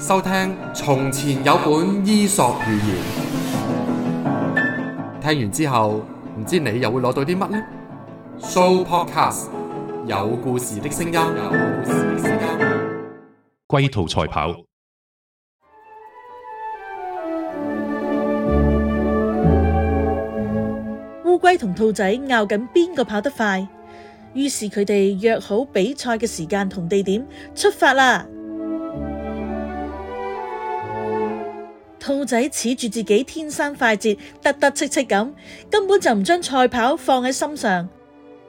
收聽從前有本伊索寓言，聽完之後唔知你又會攞到啲乜呢？《Sooopodcast 有故事的聲音，有故事的聲音。《龜兔賽跑，烏龜同兔仔拗緊邊個跑得快，於是佢哋約好比賽嘅時間同地點，出發啦。兔仔恃住自己天生快捷，得得戚戚咁，根本就唔將賽跑放喺心上，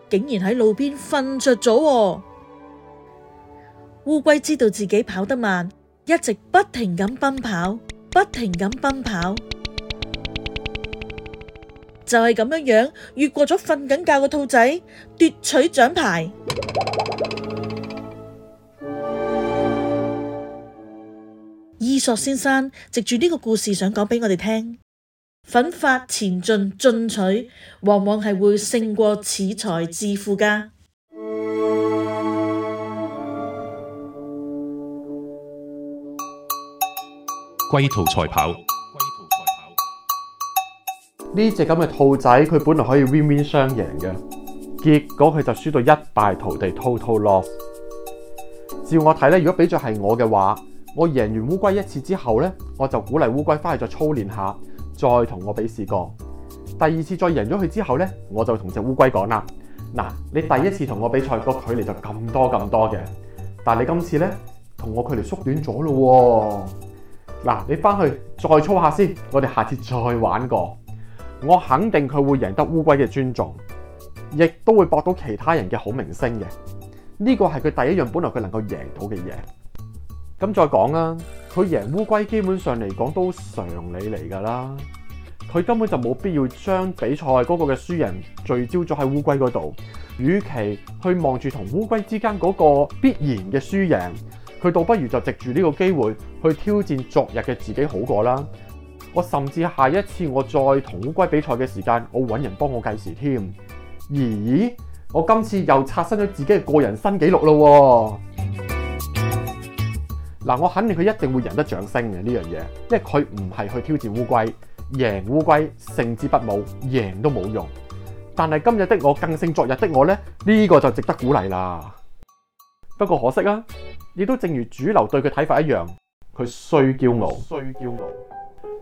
竟然喺路邊瞓着咗。烏龜知道自己跑得慢，一直不停咁奔跑，不停咁奔跑，就係咁樣樣，越過咗瞓緊覺嘅兔仔，奪取獎牌。索先生藉住呢個故事想講俾我哋聽，奮發前進進取，往往係會勝過恃才自負噶龜兔賽跑，龜兔賽跑，呢隻咁嘅兔仔，佢本來可以 win win 雙贏嘅，結果佢就輸到一敗塗地，吐吐落。照我睇咧，如果畀咗係我嘅話，我贏完烏龜一次之後咧，我就鼓勵烏龜翻去再操練下，再同我比試過。第二次再贏咗佢之後咧，我就同隻烏龜講啦：「嗱，你第一次同我比賽個距離就咁多咁多嘅，但係你今次咧同我距離縮短咗咯。嗱，你翻去再操一下先，我哋下次再玩過。我肯定佢會贏得烏龜嘅尊重，亦都會博到其他人嘅好名聲嘅。呢個係佢第一樣本來佢能夠贏到嘅嘢。咁再講啦，佢贏烏龜基本上嚟講都常理嚟㗎啦。佢根本就冇必要將比賽嗰個嘅輸贏聚焦咗喺烏龜嗰度，與其去望住同烏龜之間嗰個必然嘅輸贏，佢倒不如就藉住呢個機會去挑戰昨日嘅自己好過啦。我甚至下一次我再同烏龜比賽嘅時間，我揾人幫我計時添。咦？我今次又刷新咗自己嘅個人新紀錄咯喎啊！嗱，我肯定佢一定會贏得掌聲嘅呢樣嘢，因為佢唔係去挑戰烏龜，贏烏龜勝之不武，贏都冇用。但係今日的我更勝昨日的我呢，呢，呢個就值得鼓勵啦。不過可惜啊，亦都正如主流對佢睇法一樣，佢衰驕傲，衰驕傲。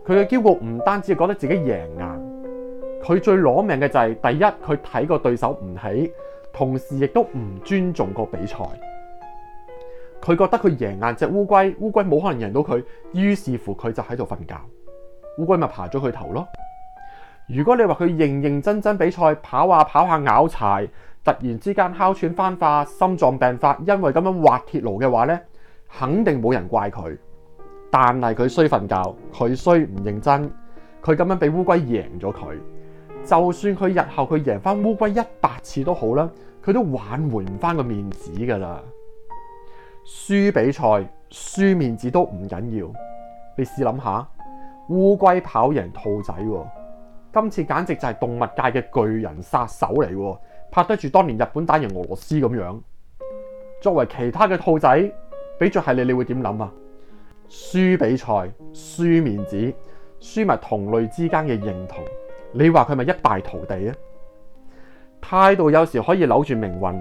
佢嘅驕傲唔單止覺得自己贏硬，佢最攞命嘅就係第一，佢睇個對手唔起，同時亦都唔尊重個比賽。佢覺得佢贏硬隻烏龜，烏龜冇可能贏到佢，於是乎佢就喺度瞓覺。烏龜咪爬咗佢頭咯。如果你話佢認認真真比賽，跑下跑下拗柴，突然之間哮喘翻化、心臟病發，因為咁樣滑鐵盧嘅話呢，肯定冇人怪佢。但係佢衰瞓覺，佢衰唔認真，佢咁樣俾烏龜贏咗佢。就算佢日後佢贏翻烏龜一百次都好啦，佢都挽回唔翻個面子噶啦。輸比賽、輸面子都唔緊要，你試諗下，烏龜跑贏兔仔喎，今次簡直就係動物界嘅巨人殺手嚟喎，拍得住當年日本打贏俄羅斯咁樣。作為其他嘅兔仔，比着係你，你會點諗啊？輸比賽、輸面子、輸埋同類之間嘅認同，你話佢咪一敗塗地啊？態度有時可以扭轉命運。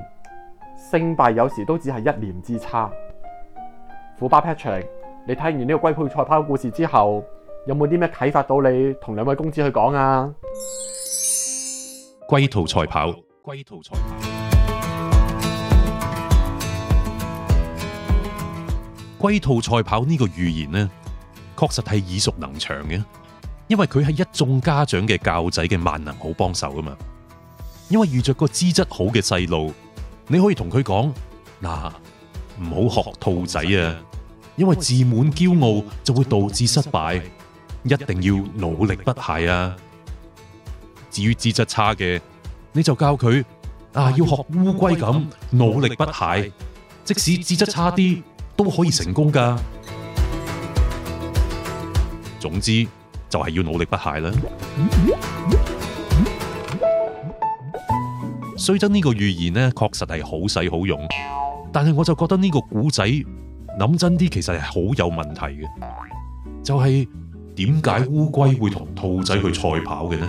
勝敗有時都只係一念之差。虎爸 Patrick，你睇完呢個龜兔賽跑故事之後，有冇啲咩啟發到你同兩位公子去講啊？龜兔賽跑，龜兔賽，龜兔賽跑呢個寓言呢，確實係耳熟能詳嘅，因為佢係一眾家長嘅教仔嘅萬能好幫手啊嘛。因為遇着個資質好嘅細路。你可以同佢講嗱，唔好學兔仔啊，因為自滿驕傲就會導致失敗，一定要努力不懈啊。至於資質差嘅，你就教佢啊，要學烏龜咁努力不懈，即使資質差啲都可以成功噶。總之就係要努力不懈啦。雖則呢個寓言呢確實係好使好用，但係我就覺得呢個古仔諗真啲，其實係好有問題嘅。就係點解烏龜會同兔仔去賽跑嘅呢？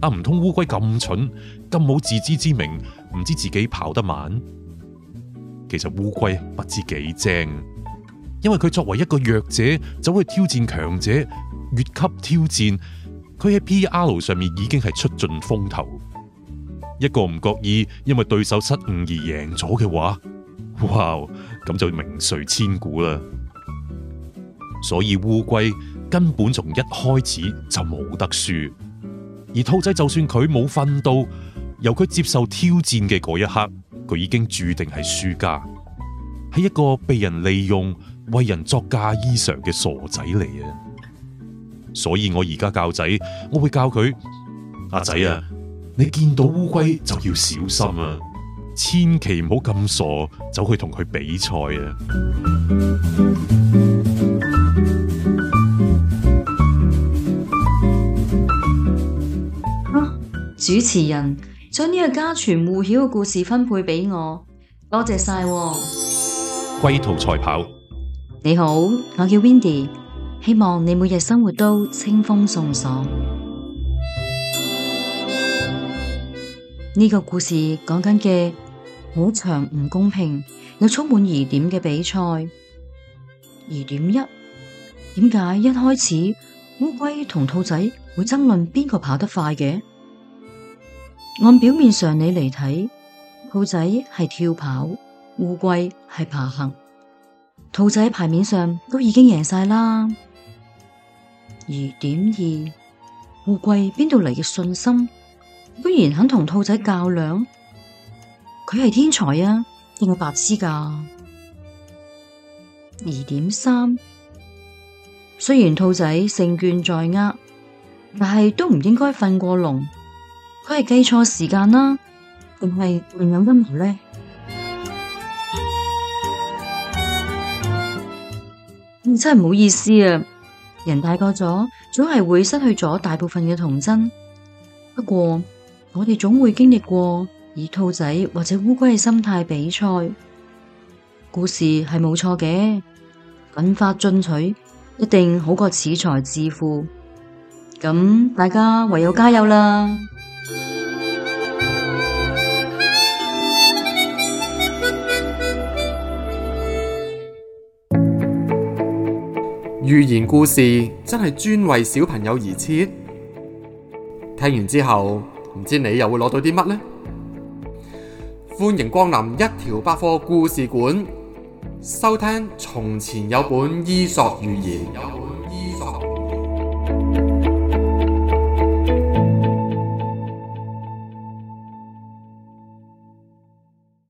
啊，唔通烏龜咁蠢，咁冇自知之明，唔知自己跑得慢？其實烏龜不知幾精，因為佢作為一個弱者，走去挑戰強者，越級挑戰，佢喺 PR 上面已經係出盡風頭。一個唔覺意，因為對手失誤而贏咗嘅話，哇，咁就名垂千古啦！所以烏龜根本從一開始就冇得輸，而兔仔就算佢冇訓到，由佢接受挑戰嘅嗰一刻，佢已經注定係輸家，係一個被人利用、為人作嫁衣裳嘅傻仔嚟啊！所以我而家教仔，我會教佢，阿仔啊。你見到烏龜就要小心啊，千祈唔好咁傻，走去同佢比賽啊，啊！主持人將呢個家傳戶曉嘅故事分配俾我，多謝晒、啊。龜兔賽跑，你好，我叫 Windy，希望你每日生活都清風送爽。呢個故事講緊嘅好長唔公平，又充滿疑點嘅比賽。疑點一，點解一開始烏龜同兔仔會爭論邊個跑得快嘅？按表面上你嚟睇，兔仔係跳跑，烏龜係爬行，兔仔牌面上都已經贏晒啦。疑點二，烏龜邊度嚟嘅信心？居然肯同兔仔較量，佢係天才啊，定係白痴㗎？二點三，雖然兔仔勝券在握，但係都唔應該瞓過籠。佢係計錯時間啦，啊，定係另有陰謀呢？你真係唔好意思啊！人大個咗，總係會失去咗大部分嘅童真。不過，我哋總會經歷過以兔仔或者烏龜嘅心態比賽，故事係冇錯嘅，奮發進取一定好過恃才自負。咁大家唯有加油啦！寓言故事真係專為小朋友而設，聽完之後。唔知你又會攞到啲乜呢？歡迎光臨一條百貨故事館，收聽從前有本伊索寓言。